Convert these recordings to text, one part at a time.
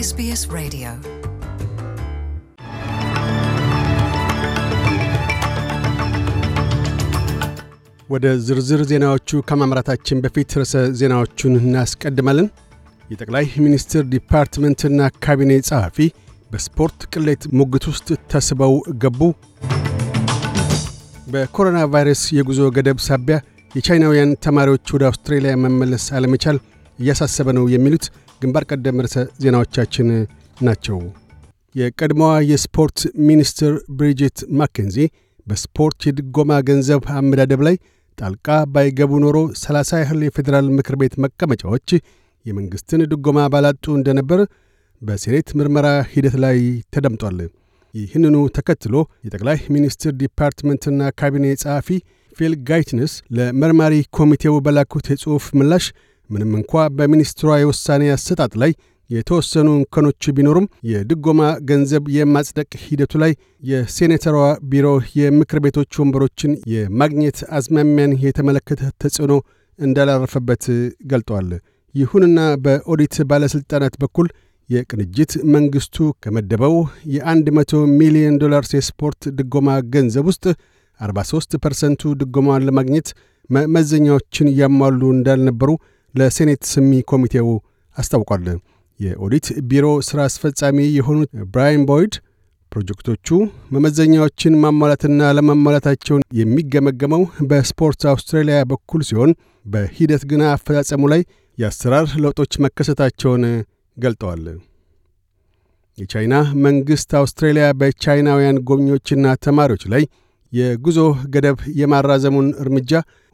ኤስቢኤስ Radio. ወደ ዝርዝር ዜናዎቹ ከማምራታችን በፊት ርዕሰ ዜናዎቹን እናስቀድማለን። የጠቅላይ ሚኒስትር ዲፓርትመንትና ካቢኔ ጸሐፊ በስፖርት ቅሌት ሙግት ውስጥ ተስበው ገቡ። በኮሮና ቫይረስ የጉዞ ገደብ ሳቢያ የቻይናውያን ተማሪዎች ወደ አውስትራሊያ መመለስ አለመቻል እያሳሰበ ነው የሚሉት ግንባር ቀደም ርዕሰ ዜናዎቻችን ናቸው። የቀድሞዋ የስፖርት ሚኒስትር ብሪጅት ማኬንዚ በስፖርት የድጎማ ገንዘብ አመዳደብ ላይ ጣልቃ ባይገቡ ኖሮ 30 ያህል የፌዴራል ምክር ቤት መቀመጫዎች የመንግሥትን ድጎማ ባላጡ እንደነበር በሴኔት ምርመራ ሂደት ላይ ተደምጧል። ይህንኑ ተከትሎ የጠቅላይ ሚኒስትር ዲፓርትመንትና ካቢኔ ጸሐፊ ፌል ጋይትነስ ለመርማሪ ኮሚቴው በላኩት የጽሑፍ ምላሽ ምንም እንኳ በሚኒስትሯ የውሳኔ አሰጣጥ ላይ የተወሰኑ እንከኖች ቢኖሩም የድጎማ ገንዘብ የማጽደቅ ሂደቱ ላይ የሴኔተሯ ቢሮ የምክር ቤቶች ወንበሮችን የማግኘት አዝማሚያን የተመለከተ ተጽዕኖ እንዳላረፈበት ገልጧል። ይሁንና በኦዲት ባለሥልጣናት በኩል የቅንጅት መንግሥቱ ከመደበው የ100 ሚሊዮን ዶላርስ የስፖርት ድጎማ ገንዘብ ውስጥ 43 ፐርሰንቱ ድጎማን ለማግኘት መመዘኛዎችን ያሟሉ እንዳልነበሩ ለሴኔት ስሚ ኮሚቴው አስታውቋል። የኦዲት ቢሮ ሥራ አስፈጻሚ የሆኑት ብራያን ቦይድ ፕሮጀክቶቹ መመዘኛዎችን ማሟላትና ለማሟላታቸውን የሚገመገመው በስፖርት አውስትራሊያ በኩል ሲሆን በሂደት ግና አፈጻጸሙ ላይ የአሰራር ለውጦች መከሰታቸውን ገልጠዋል። የቻይና መንግሥት አውስትራሊያ በቻይናውያን ጎብኚዎችና ተማሪዎች ላይ የጉዞ ገደብ የማራዘሙን እርምጃ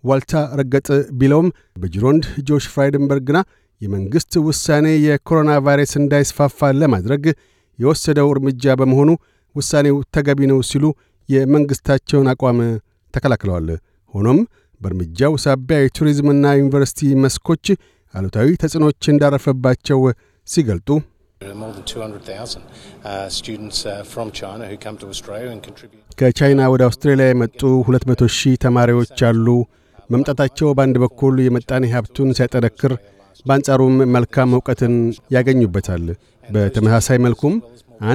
ዋልታ ረገጥ ቢለውም በጅሮንድ ጆሽ ፍራይደንበርግና የመንግሥት ውሳኔ የኮሮና ቫይረስ እንዳይስፋፋ ለማድረግ የወሰደው እርምጃ በመሆኑ ውሳኔው ተገቢ ነው ሲሉ የመንግሥታቸውን አቋም ተከላክለዋል። ሆኖም በእርምጃው ሳቢያ የቱሪዝምና ዩኒቨርሲቲ መስኮች አሉታዊ ተጽዕኖች እንዳረፈባቸው ሲገልጡ Uh, uh, uh, ከቻይና ወደ አውስትራሊያ የመጡ 200 ሺህ ተማሪዎች አሉ። መምጣታቸው በአንድ በኩል የመጣኔ ሀብቱን ሲያጠነክር፣ በአንጻሩም መልካም እውቀትን ያገኙበታል። በተመሳሳይ መልኩም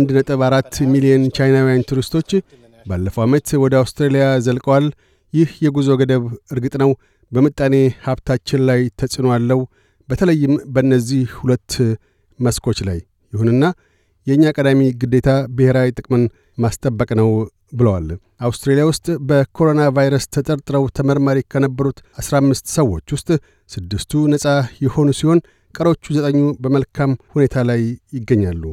1.4 ሚሊዮን ቻይናውያን ቱሪስቶች ባለፈው ዓመት ወደ አውስትራሊያ ዘልቀዋል። ይህ የጉዞ ገደብ እርግጥ ነው በምጣኔ ሀብታችን ላይ ተጽዕኖ አለው፣ በተለይም በእነዚህ ሁለት መስኮች ላይ ይሁንና የእኛ ቀዳሚ ግዴታ ብሔራዊ ጥቅምን ማስጠበቅ ነው ብለዋል። አውስትሬልያ ውስጥ በኮሮና ቫይረስ ተጠርጥረው ተመርማሪ ከነበሩት 15 ሰዎች ውስጥ ስድስቱ ነፃ የሆኑ ሲሆን ቀሮቹ ዘጠኙ በመልካም ሁኔታ ላይ ይገኛሉ።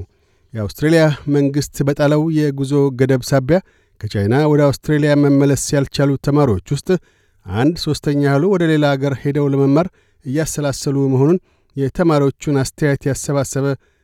የአውስትሬልያ መንግሥት በጣለው የጉዞ ገደብ ሳቢያ ከቻይና ወደ አውስትሬልያ መመለስ ያልቻሉ ተማሪዎች ውስጥ አንድ ሦስተኛ ያህሉ ወደ ሌላ አገር ሄደው ለመማር እያሰላሰሉ መሆኑን የተማሪዎቹን አስተያየት ያሰባሰበ